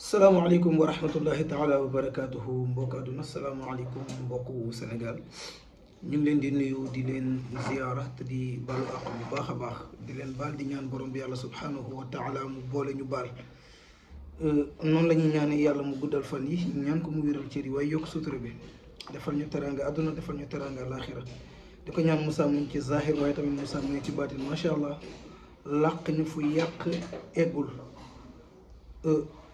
السلام عليكم ورحمة الله تعالى وبركاته دون السلام عليكم مبوكو سنغال نعم لين دي نيو دي لين زيارة تدي بالو أقل باخ باخ دي لين بال دي نيان بروم بيالا سبحانه وتعالى مبولة نيو نعم نون نعم نيان يالا مبودة الفاني نعم كو مويرل تيري ويوك سوتر بي دفل نيو ترانغا أدونا دفل نيو ترانغا الاخرة نعم كو نيان مسامن كي زاهر ويتامي مسامن كي ما شاء الله لقن فو يق اقل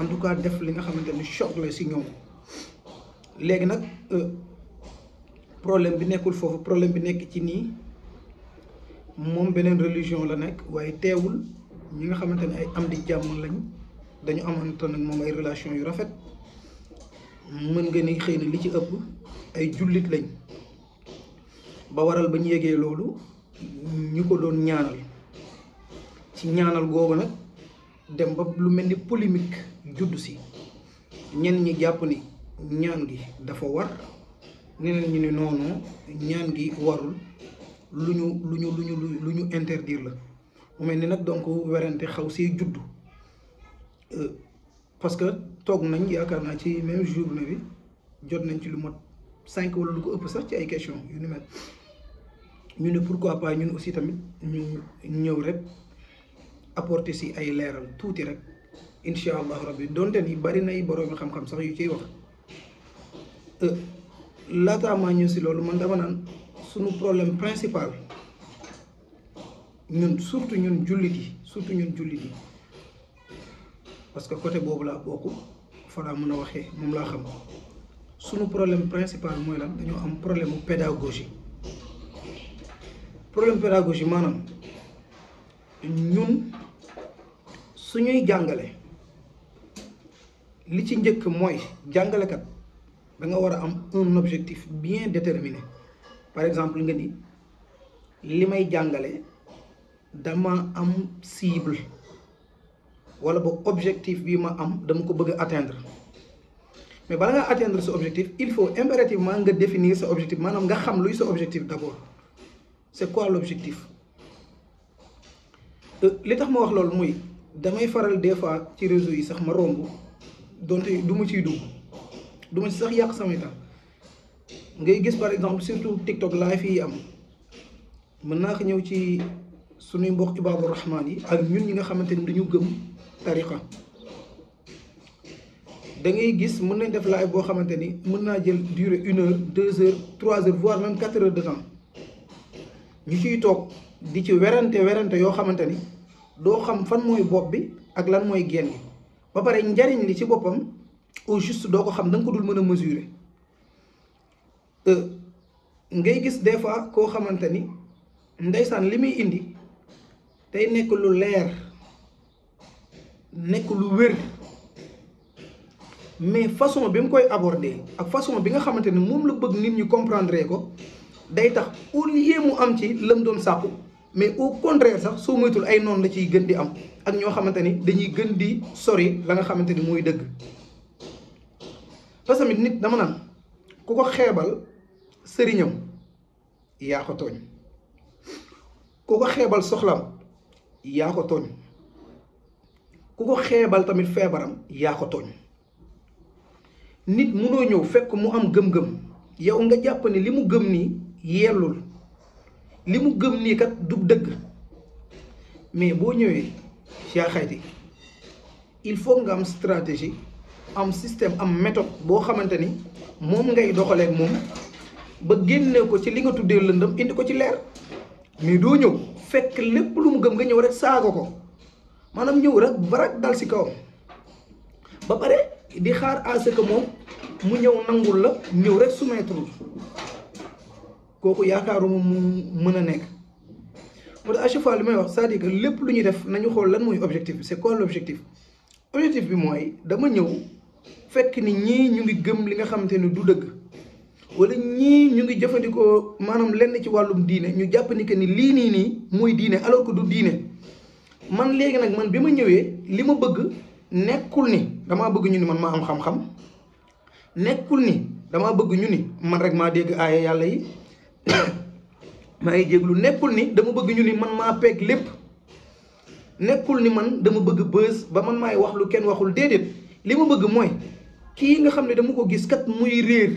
en tout cas def li nga xamante ni choc la si ñoom léegi nag euh, problème bi nekkul foofu problème bi nekk ci nii moom beneen religion la nekk waaye teewul ñi nga xamante ne ay am di jàmm lañ dañu amante moom ay relation yu rafet mën nga ni xëy na li ci ëpp ay jullit lañ ba waral ba ñu yégee loolu ñu ko doon ñaanal ci ñaanal googu nag dem ba lu mel ni polémique juddu si ñenn ñi jàpp ni ñaan gi dafa war ñeneen ñi ne noonu ñaan gi warul lu ñu lu ñu lu ñu lu ñu interdire la mu mel ni nag donc werante xaw see juddu euh, parce que toog nañ yaakaar naa ci même journée bi jot nañ ci lu mot cinq wala lu ko ëpp sax ci ay questions yu ni mel ñu ne pourquoi pas ñun aussi tamit ñu ñëw rek. apporter si ay leeral tuuti rek incha allah rabbi donte ni bari nay ay boroomi xam-xam sax yu ciy wax euh, laataa maa ñëw si loolu man dama naan sunu problème principal ñun surtout ñun jullit yi surtout ñun jullit yi parce que côté boobu laa bokk fa laa mën a waxee moom laa xam sunu problème principal mooy lan dañoo am problème mu pédagogie problème pédagogie maanaam ñun. suñuy jàngalé li ci moy jàngalé kat da nga wara am un objectif bien déterminé par exemple nga ni li may jàngale dama am cible wala ba objectif bi ma am dama ko bëgg atteindre mais bala nga atteindre ce objectif il faut impérativement nga définir ce objectif manam nga xam luy sa objectif d'abord c'est quoi l'objectif euh, li tax ma wax lool muy damay faral des fois ci réseau yi sax ma romb donte du ma ciy dugg du ma ci sax yàq samay temps ngay gis par exemple surtout TikTok live fii am mën naa ko ñëw ci suñuy mbokk Ibaadu Rahmaan yi ak ñun ñi nga xamante ni dañu gëm tariqa da ngay gis mën nañ def ay boo xamante ni mën naa jël dure une heure deux heures trois heures voire même quatre heures de temps ñu ciy toog di ci werante werante yoo xamante ni. doo xam fan mooy bopp bi ak lan mooy génn ba pare njariñ li ci boppam au juste doo ko xam da nga ko dul mën a mesurer euh, ngay gis des fois koo xamante ni ndeysaan li muy indi tey nekk lu leer nekk lu wér mais façon bi mu koy aborder ak façon bi nga xamante ni moom la bëgg nit ñi comprendre ko day tax au lieu mu am ci lëm doon sàkku mais au contraire sax soo moytul ay noonu la ciy gën di am ak ñoo xamante ni dañuy gën di sori la nga xamante ni mooy dëgg parce nit dama naan ku ko xeebal sëriñam yaa ko tooñ ku ko xeebal ku ko xeebal tamit feebaram yaa ko tooñ nit munoo ñëw fekk mu am gëm-gëm yow nga jàpp ni li mu gëm nii yellul li mu gëm ni kat du deug mais bo ñëwé yaa xayti il faut nga am stratégie am système am méthode bo xamanteni mom ngay doxale ak mom ba génné ko ci li nga tuddee lëndëm indi ko ci leer mais do ñëw fekk lepp lu mu gëm nga ñëw rek saago ko maanaam ñëw rek barak dal ci kaw ba paré di xaar à ce que mom mu ñëw nangul la ñëw rek soumettre koku yaakaaruma mu meuna nek mo moo tax à chaque fois li wax c'est-à-dire que lépp lu def nañu xol lan moy objectif bi c'est quoi l'objectif objectif bi moy dama ñew fekk ni ñi ñu ngi gëm li nga xamanteni ni du deug wala ñi ñu ngi jëfëndiko manam lenn ci walum diine ñu japp ni que ni li ni ni moy diine alors que du diine man légui nak man bi ñëwé lima bëgg nekkul ni dama bëgg ñu ni man ma am xam-xam nekkul ni dama bëgg ñu ni man rek ma dégg aaya yalla yi maay jéglu nekkul ni dama bëgg ñu ni man ma pek lepp nekkul ni man dama bëgg bës ba man may wax lu kenn waxul dedet li bëgg moy ki nga xam dama ko gis kat muy réer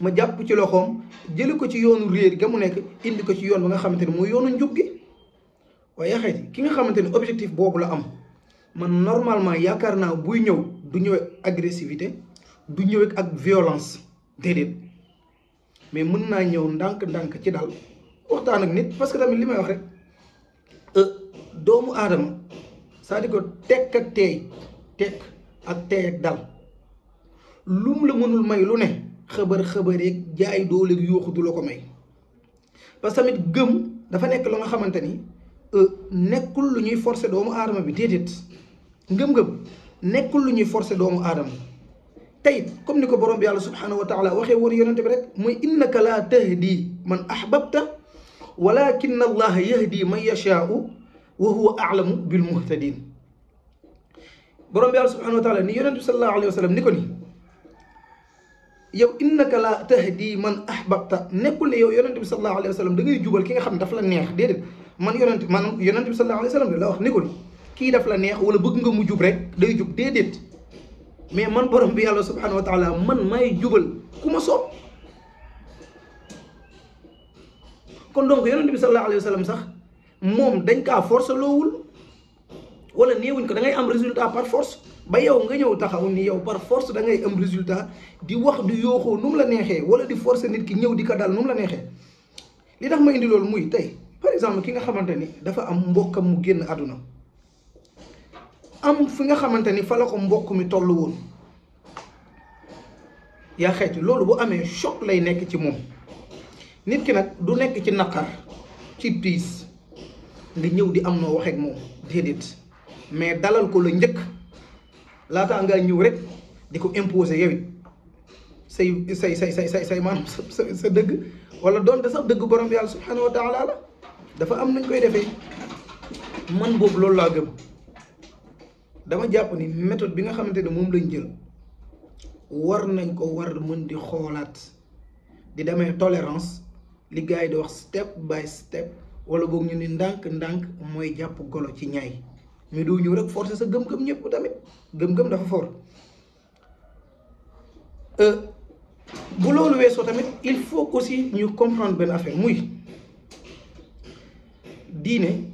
ma japp ci loxom jël ko ci yoonu réer ga mu nekk indi ko ci yoon ba nga xamanteni ne yoonu njub gi waaye xeet ki nga xamanteni objectif bobu la am man normalement yakarna buy ñew du ñew agressivité du ñew ak violence dedet mais mën naa ñëw ndànk-ndànk ci dal waxtaan ak nit parce que tamit li may wax rek euh, doomu aadama c'est-à-dire que ak teey tekk ak dal lum la mënul may lu ne xëbar xëbareeg jaay dooleeg yuuxu du la ko may parce que gëm dafa nekk lu nga xamante ni euh, nekkul lu ñuy forcer doomu aadama bi déedéet ngëm-ngëm nekkul lu ñuy forcer doomu aadama tey comme ni ko borom bi yàlla subhanahu wa taala waxee woon yonente bi rek mooy innaka laa tahdi man ahbabta walakin allaha yahdi man yashaau wa huwa aalamu bil muhtadin borom bi yàlla subhanahu wa taala ni yonente bi salallahu alayhi wa sallam ni ko ni yow innaka laa tahdi man ahbabta nekkul ne yow yonente bi salallahu alayhi wa sallam da ngay jubal ki nga xam ne daf la neex déedéet man yonente maanaam yonente bi salallahu alayhi wa sallam da la wax ni ko ni kii daf la neex wala bëgg nga mu jub rek day jub déedéet mais man borom bi yalla subhanahu wa taala man may jubal kuma ma kon donc sah. Mom sallallahu alayhi wasallam sax mom dañ ka force loowul wala néewuñ ko da ngay am resultat par force ba yow nga ñew taxaw ni yow par force da ngay am resultat di wax du yoxo num la nexé wala di force nit ki ñew di ka dal num la nexé li tax ma indi lool muy tay par exemple ki nga xamanteni dafa am mbokam mu genn aduna am fi nga xamante ni fa la ko mbokk mi toll woon yaa xeeti loolu bu amee choc lay nekk ci moom nit ki nag du nekk ci naqar ci diis nga ñëw di am noo waxeek moom déedéet mais dalal ko la njëkk laata ngaa ñëw rek di ko imposer yow it say say say say say say sa sa dëgg wala doonte sax dëgg borom yàlla subhanahu wa taala la dafa am nañ koy defee man boobu loolu laa gëm. dama japp ni méthode bi nga xamanteni mom lañu jël war nañ ko war mën di xoolaat di démé tolérance li di step by step wala bok ñu ni ndank ndank moy japp golo ci ñay mais doo ñëw rek forcer sa gëm-gëm ñepp tamit gëm-gëm dafa euh bu lolu weesoo tamit il faut aussi ñu comprendre ben affaire muy diiné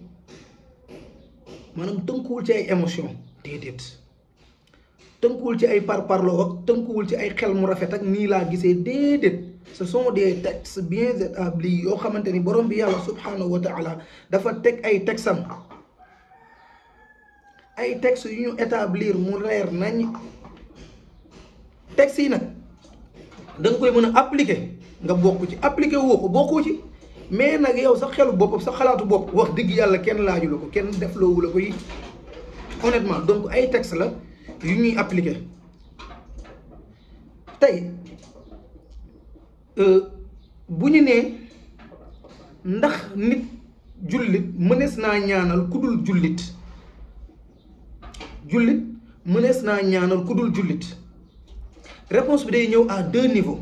manam tënkuwul ci ay émotions déedéet tënkuwul ci ay parparloo ak tënkuwul ci ay xel mu rafet ak nii laa gisee déedéet ce son des textes bien établis yoo xamante ni borom bi yàlla subhanahu wa taala dafa teg ay texam ay textes yu ñu établir mu leer nañ textes yi nag da koy mën a appliquer nga bokk ci appliquer woo ko bokkoo ci mais nag yow sa xelu boppam sa xalaatu bopp wax dëgg yàlla kenn laaju la ko kenn defloowu la ko yi honnêtement donc ay texte la yu ñuy appliqué tey euh, bu ñu nee ndax nit jullit mënees naa ñaanal ku dul jullit jullit mënees naa ñaanal ku dul jullit réponse bi day ñëw à deux niveaux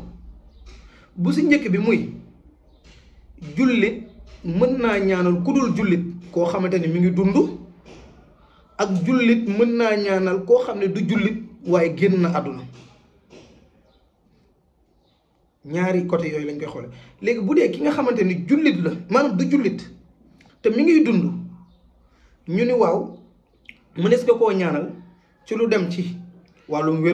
bu si njëkk bi muy jullit mën naa ñaanal ku dul jullit koo xamante ni mi ngi dund ak jullit mën naa ñaanal koo xam ne du jullit waaye génn na àdduna ñaari côté yooyu lañ koy xoole léegi bu dee ki nga xamante ni jullit la maanaam du jullit te mi ngiy dund ñu ni waaw mënees nga koo ñaanal ci lu dem ci wàllum wér